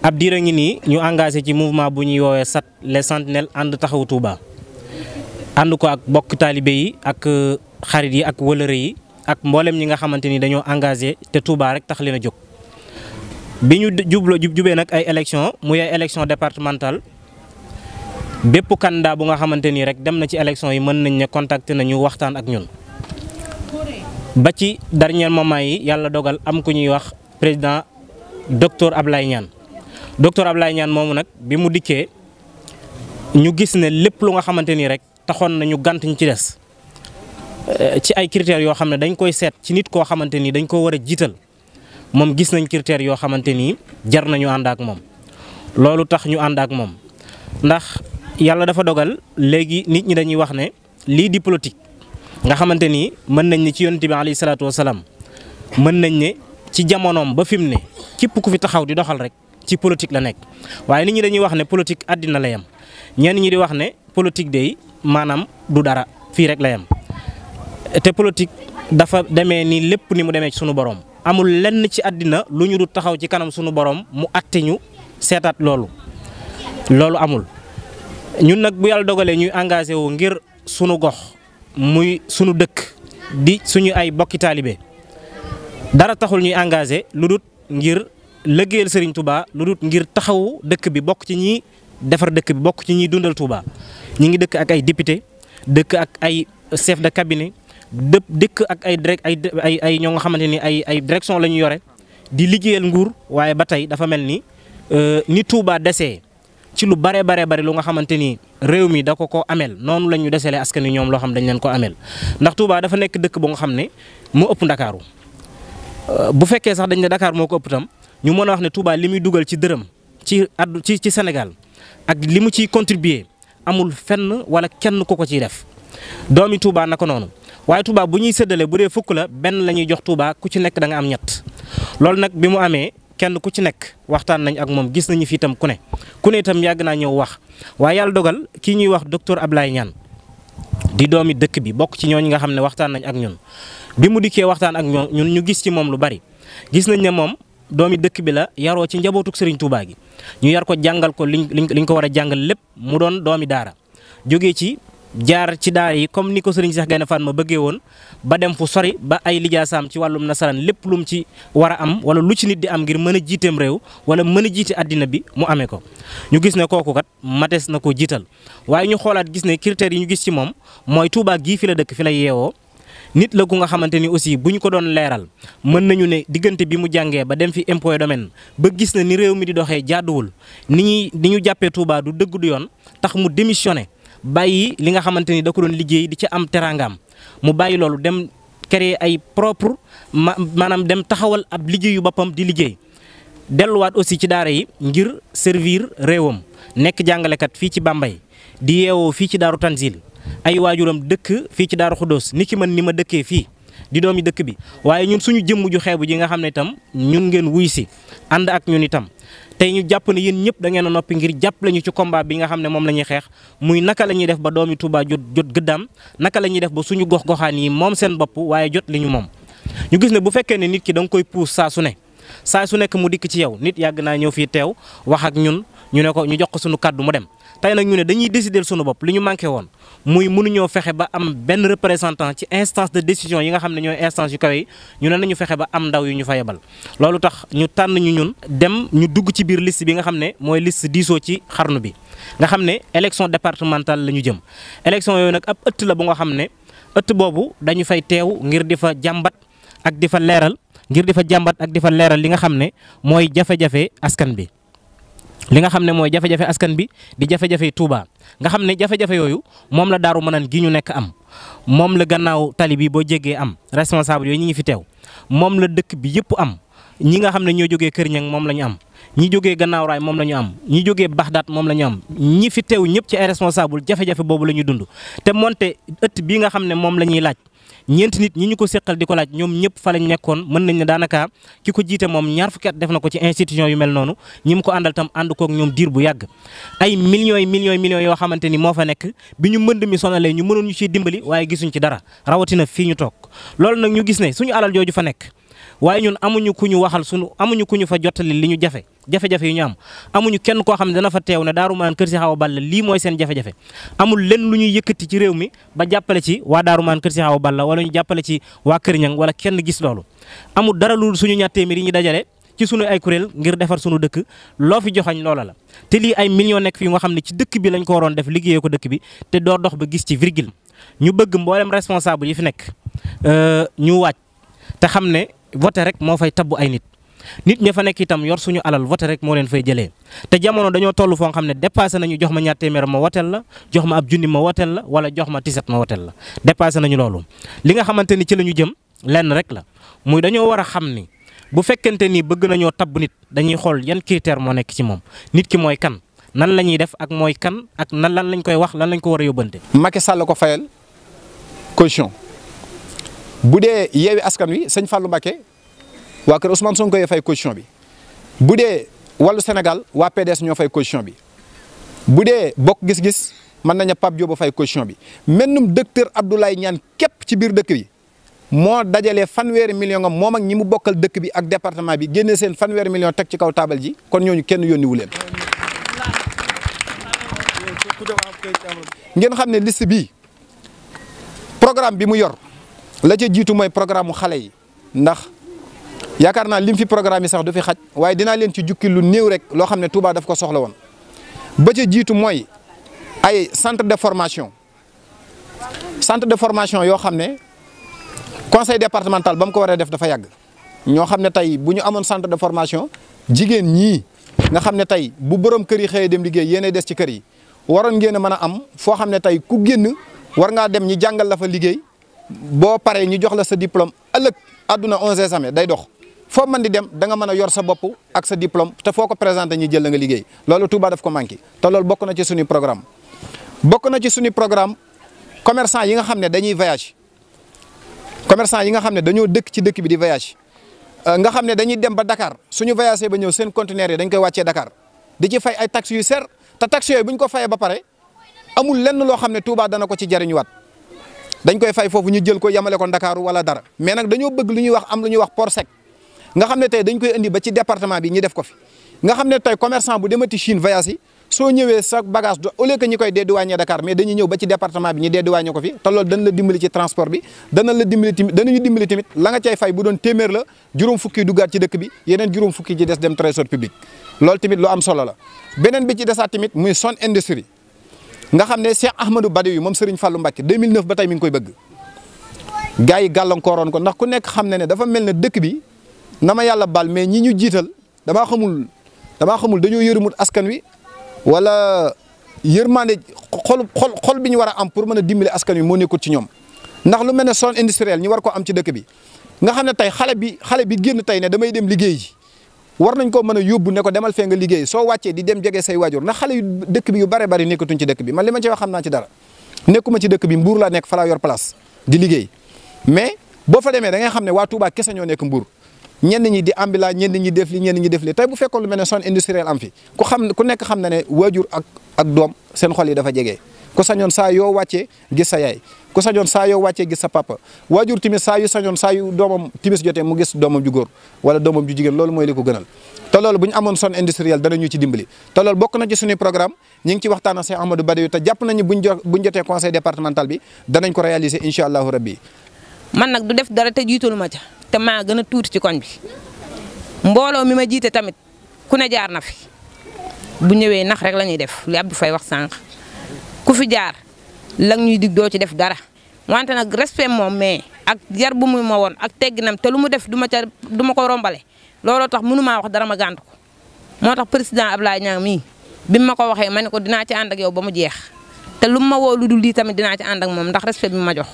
ab diir a ngi nii ñu engagé ci mouvement bu ñuy woowee sat les sentinelles ànd taxawu Touba ànd ko ak bokk taalibe yi ak euh, xarit yi ak wëlëre yi ak mboolem ñi nga xamante ni dañoo engagé te Touba rek tax leen a jóg. bi ñu jublo jubee nag ay élection muy ay élection départementale bépp candidat bu nga xamante ni rek dem na ci élection yi mën nañ ne contacter nañu waxtaan ak ñun. ba ci dernier moment yi yàlla dogal am ku ñuy wax président docteur Ablaye Niane docteur Ablaye ñaan moomu nag bi mu dikkee ñu gis ne lépp lu nga xamante ni rek taxoon na ñu gànt ñu ci des eh, ci ay critères yoo xam ne dañ koy seet ci nit koo xamante ni dañ ko war a jiital moom gis nañ critères yoo xamante ni jar nañu ànd ak moom loolu tax ñu ànd ak moom ndax yàlla dafa dogal léegi nit ñi dañuy wax ne lii di politique nga xamante ni mën nañ ni ci yonent bi alayhi salaatu wasalaam mën nañ ne ci jamonoom ba fi mu ne képp ku fi taxaw di doxal rek ci politique la nekk waaye nit ñi ñu wax ne politique àddina la yem ñenn ñi di wax ne politique day maanaam du dara fii rek la yem te politique dafa demee ni lépp ni mu demee ci sunu borom amul lenn ci àddina lu ñu du taxaw ci kanam sunu borom mu àtte ñu seetaat loolu loolu amul ñun nag bu yàlla dogalee ñuy engagé wu ngir sunu gox muy sunu dëkk di suñu ay bokki taalibe dara taxul ñuy engagé lu dut ngir lëggéeyal Serigne Touba lu dul ngir taxaw dëkk bi bokk ci ñi defar dëkk bi bokk ci ñi dundal Touba ñu ngi dëkk ak ay député dëkk ak ay chef de cabinet dëpp dëkk ak ay direct ay ay ay ñoo nga xamante ni ay ay direction la ñu yore di liggéeyal nguur waaye ba tey dafa mel ni euh, ni Touba desee ci lu bare bare bare lu nga xamante ni réew mi da ko ko amel noonu la ñu deselee askan wi ñoom loo xam dañ leen ko ameel ndax Touba dafa nekk dëkk bu nga xam ne mu ëpp Ndakaaru euh, bu fekkee sax dañ ne Dakar moo ko ëpp tam ñu mën a wax ne Touba li muy dugal ci dërëm ci addu ci ci Sénégal ak li mu ciy contribuer amul fenn wala kenn ku ko ciy def doomi Touba naka noonu waaye Touba bu ñuy séddale bu dee fukk la benn la ñuy jox Touba ku ci nekk da nga am ñett loolu nag bi mu amee kenn ku ci nekk waxtaan nañ ak moom gis nañu fii tam ku ne ku ne itam yàgg naa ñëw wax waaye yàlla dogal kii ñuy wax docteur Ablaye Niane di doomi dëkk bi bokk ci ñooñu nga xam ne waxtaan nañ ak ñun bi mu dikkee waxtaan ak ñun ñu gis ci moom lu bari gis nañ ne moom doomi dëkk bi la yaroo ci njabootuk Serigne Touba gi ñu yar ko jàngal ko liñ liñ ko war a jàngal lépp mu doon doomi daara jóge ci jaar ci daara yi comme ni ko Serigne Cheikh Gaïndé Fatma bëggee woon ba dem fu sori ba ay saam ci wàllum nasaraan lépp lum ci war a am wala lu ci nit di am ngir mën a jiiteem réew wala mën a jiite àddina bi mu amee ko. ñu gis ne kooku kat mates na ko jiital waaye ñu xoolaat gis ne critères yi ñu gis ci moom mooy Touba gii fi dëkk fi la yeewoo nit la ku nga xamante ni aussi bu ñu ko doon leeral mën nañu ne diggante bi mu jàngee ba dem fi impôt domaine ba gis na ni réew mi di doxee jaaduwul ni ñuy ni ñu jàppee Touba du dëgg du yoon tax mu démissionné bàyyi li nga xamante ni da ko doon liggéey di ci am teraangaam mu bàyyi loolu dem créer ay propre ma maanaam dem taxawal ab liggéeyu boppam di liggéey delluwaat aussi ci daara yi ngir servir réewam nekk jàngalekat fii ci Bambey di yeewoo fii ci Daaru Tanzil ay waajuram dëkk fii ci Daaru Xuddoos ni ki man ni ma dëkkee fii di doomi dëkk bi waaye ñun suñu jëmm ju xeebu ji nga xam ne itam ñun ngeen wuy si ànd ak ñun itam tey ñu jàpp ne yéen ñëpp da ngeen a noppi ngir jàppale ñu ci combat bi nga xam ne moom la ñuy xeex muy naka la ñuy def ba doomi Touba jot jot gëddaam naka la ñuy def ba suñu gox goxaan yi moom seen bopp waaye jot li ñu moom ñu gis ne bu fekkee ne nit ki da koy puus saa su ne saa su nekk mu dikk ci yow nit yàgg naa ñëw fii teew wax ak ñun ñu ne ko ñu jox ko suñu kàddu mu dem tey nag ñu ne dañuy décider sunu bopp lu ñu manqué woon muy mënuñoo fexe ba am benn représentant ci instance de décision yi nga xam ne ñooy instance yu kawe yi ñu ne nañu fexe ba am ndaw yu ñu fa yebal loolu tax ñu tànn ñu ñun dem ñu dugg ci biir list bi nga xam ne mooy liste diisoo ci xarnu bi nga xam ne élection départementale la ñu jëm élection yooyu nag ab ëtt la bu nga xam ne ëtt boobu dañu fay teew ngir di fa jàmbat ak di fa leeral ngir di jàmbat ak di leeral li nga xam ne mooy jafe askan bi li nga xam ne mooy jafe-jafe askan bi di jafe-jafe Touba nga xam ne jafe-jafe yooyu moom la Daaru Manaan gi ñu nekk am moom la gannaaw tali bi boo jegee am responsable yooyu ñi ngi fi teew moom la dëkk bi yëpp am ñi nga xam ne ñoo jógee Kër Ñang moom lañu am ñi jógee gannaaw moom la ñu am ñi jógee Baxdaat moom lañu am ñi fi teew ñëpp ci ay responsable jafe-jafe boobu la ñuy dund te monte ëtt bii nga xam ne moom la ñuy laaj ñeenti nit ñi ñu ko seqal di ko laaj ñoom ñëpp fa lañ nekkoon mën nañ ne daanaka ki ko jiite moom ñaar fukki at def na ko ci institution yu mel noonu ñi mu ko àndal tam ànd kook ñoom diir bu yàgg ay millions yi millions yi millions yoo xamante ni moo fa nekk bi ñu mënd mi sonale ñu mënoon ñu ciy dimbali waaye gisuñ ci dara rawatina fii ñu toog loolu nag ñu gis ne suñu alal jooju fa nekk waaye ñun amuñu ku ñu waxal suñu amuñu ku ñu fa jottali li ñu jafe jafe-jafe yu ñu am amuñu kenn koo xam ne dana fa teew ne Daaru Marnaan kër si xaw a Balla lii mooy seen jafe-jafe amul lenn lu ñuy yëkkati ci réew mi ba jàppale ci waa Daaru Marnaan kër si xaw Balla wala ñu jàppale ci waa Kër Ñang wala kenn gis loolu amul dara lu suñu ñaar téeméer yi ñu dajale ci sunu ay kuréel ngir defar sunu dëkk loo fi joxañ loola la te lii ay million nekk fi nga xam ne ci dëkk bi lañ ko waroon def liggéeyee ko dëkk bi te door dox ba gis ci virgule ñu bëgg mboolem responsable yi fi nekk euh, ñu waaj te xam ne vote rek moo fay tabbu ay nit nit ña fa nekk itam yor suñu alal vote rek moo leen fay jëlee te jamono dañoo toll foo xam ne dépassé nañu jox ma ñaar téeméer ma woteel la jox ma ab junni ma woteel la wala jox ma tisat ma woteel la dépassé nañu loolu. li nga xamante ni ci la ñu jëm lenn rek la muy dañoo war a xam ni bu fekkente ni bëgg nañoo tabb nit dañuy xool yan critère moo nekk ci moom nit ki mooy kan nan la ñuy def ak mooy kan ak nan lan lañ koy wax lan lañ ko war a yóbbante. Macky Sall ko fayal caution bu dee yeewi sëñ Fallou Mbacké waa kër Ousmane Sonko yee fay caution bi bu dee wàllu senegal waa PDS ñoo fay caution bi bu dee bokk gis-gis mën nañu Pape Diop a fay caution bi mennum docteur Abdoulaye ñaan képp ci biir dëkk bi moo dajalee fanweeri million moom ak ñi mu bokkal dëkk bi ak département bi génnee seen fanweeri million teg ci kaw taabal ji kon ñooñu kenn yónni leen. ngeen xam ne liste bi programme bi mu yor la ca jiitu mooy programme xale yi ndax. yaakaar naa lim fi programme yi sax du fi xaj waaye dina leen ci jukki lu néew rek loo xam ne Touba daf ko soxla woon ba jiitu mooy ay centre de formation centre de formation yoo xam ne conseil départemental ba mu ko waree def dafa yàgg ñoo xam ne tey bu ñu amoon centre de formation jigéen ñii nga xam ne tey bu borom kër yi xëyee dem liggéey yéenay des ci kër yi waroon ngeen a mën a am foo xam ne tey ku génn war ngaa dem ñi jàngal la fa liggéey boo paree ñu jox la sa diplôme ëllëg àdduna 11 examen day dox. foo mën di dem da nga mën a yor sa bopp ak sa diplôme te foo ko présenté ñu jël la nga liggéey loolu Touba def ko manqué te loolu bokk na ci suñu programme bokk na ci suñu programme commerçant yi nga xam ne dañuy voyage commerçant yi nga xam ne dañoo dëkk ci dëkk bi di voyage euh, nga xam ne dañuy dem ba dakaar suñu voyagé ba ñëw seen conteneur yi dañ koy wàccee dakaar di ci fay ay taxes yu seer te taxes yooyu bu ko fayee ba pare amul lenn loo xam ne Touba dana ko ci jariñuwaat dañ koy fay foofu ñu jël ko yemale ko Ndakaaru wala dara mais nag dañoo bëgg lu ñuy am lu ñuy wax port sec nga xam ne tey dañ koy indi ba ci département bi ñu def ko fi nga xam ne tey commerçant bu demati Chine voyage yi soo ñëwee sa bagage au lieu que ñi koy dédouaner Dakar mais dañuy ñëw ba ci département bi ñu dédouaner ko fi te loolu dana la dimbali ci transport bi dana la dimbali tamit danañu dimbali tamit la nga cay fay bu doon téeméer la juróom fukki duggaat ci dëkk bi yeneen juróom fukki ci des dem trésor public loolu tamit lu am solo la beneen bi ci desaat tamit muy son industrie nga xam ne Cheikh Ahmadou Badawi moom Serigne Fallou Mbacké 2009 ba tey mi ngi koy bëgg gars yi gàllankooroon ko ndax ku nekk xam ne ne dafa mel ne dëkk bi na ma yàlla bal mais ñi ñu jiital damaa xamul damaa xamul dañoo yërëmut askan wi wala yërmande xol xol xol bi ñu war a am pour mën a dimbale askan wi moo nekkul ci ñoom ndax lu mel ne zone industrielle ñu war ko am ci dëkk bi nga xam ne tey xale bi xale bi génn tey ne damay dem liggéey ji war nañ ko mën a yóbbu ne ko demal fee nga liggéey soo wàccee di dem jege say waajur ndax xale yu dëkk bi yu bare bari nekkatuñ ci dëkk bi man li ma ci wax xam naa ci dara nekkuma ci dëkk bi mbuur laa nekk fa yor place di liggéey mais boo demee da ngay xam ne waa Touba kese ñoo nekk mbuur ñenn ñi di ambila ñenn ñi def li ñenn ñi def li tey bu fekkoon lu mel ne zone industrielle am fi ku xam ku nekk xam na ne waajur ak ak doom seen xol yi dafa jege ku sañoon saa yoo wàccee gis sa yaay ku sañoon saa yoo wàccee gis sa papa waajur timis saa yu sañoon saa yu doomam timis jotee mu gis doomam ju góor wala doomam ju jigéen loolu mooy li ko gënal te loolu bu amoon amoon zone dana ñu ci dimbali te lool bokk na ci suñu programme ñu ngi ci waxtaan ak Cheikh Ahmadou Badawi te jàpp nañu buñ jotee conseil départemental bi danañ ko réaliser incha allahu rabbi man nag du def dara te jiitalu ma ca te maa gën a tuuti ci koñ bi mbooloo mi ma jiite tamit ku ne jaar na fi bu ñëwee nax rek la ñuy def li Abdou Faye wax sànq ku fi jaar la ñuy dig doo ci def dara wante nag respect moom mais ak yar bu mu ma woon ak tegginam te lu mu def du ma du ma ko rombale looloo tax mënumaa wax dara ma gànt ko moo tax président Ablaye Niang mii bi ma ko waxee ma ne ko dinaa ci ànd ak yow ba mu jeex te lu ma woo lu dul lii tamit dinaa ci ànd moom ndax respect ma jox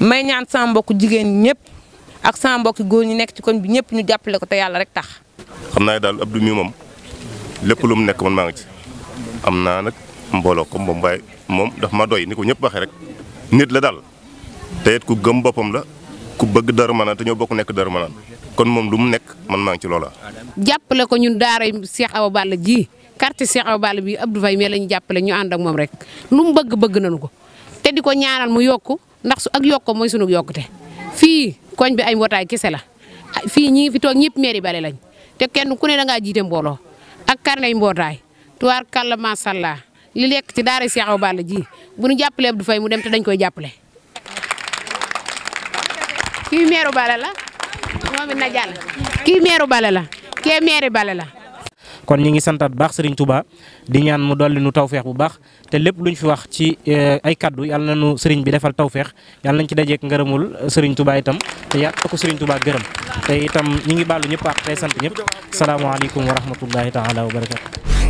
may ñaan sama mbokk jigéen ñëpp ak sama mbokk góor ñu nekk ci kon bi ñëpp ñu jàppale ko te yàlla rek tax. xam naa ne daal Abdou mi moom lépp lu mu nekk man maa ngi ci am naa nag mbooloo ko moom waaye moom daf ma doy ni ko ñëpp waxee rek nit la daal te ku gëm boppam la ku bëgg Darou Manane te ñoo bokk nekk Darou Manane kon moom lu mu nekk man maa ngi ci loola. jàppale ko ñun daara Cheikh Awa Balla ji quartier Cheikh Awa Balla bi Abdou Faye mee la ñu jàppale ñu ànd ak moom rek lu mu bëgg bëgg nañu ko te di ko ñaanal mu yokku ndax su ak yokko mooy sunu yokkute fii koñ bi ay mbootaay kese la fii ñi fi toog ñëpp mairie bale lañ te kenn ku ne da ngaa jiite mbooloo ak karnay mbootaay tuwaar kàlla masalla li lekk ci daara Cheikh Awa Balla ji bu nu jàppalee du fay mu dem te dañ koy jàppale. kii meeru bale la moom it na jàll kii meeru bale la kee meeri bale la. kon ñi ngi santaat baax Serigne Touba di ñaan mu dolli nu tawfeex bu baax te lépp luñ fi wax ci eh, ay kaddu yàlla na nu Serigne bi defal tawfeex yàlla nañ ci dajeek ngërëmul Serigne tubaa itam te yàlla ko Serigne Touba gërëm te itam ñi ngi baalu ñëpp ak tey sant ñëpp salaamaaleykum wa rahmatullahi taala wa barakatu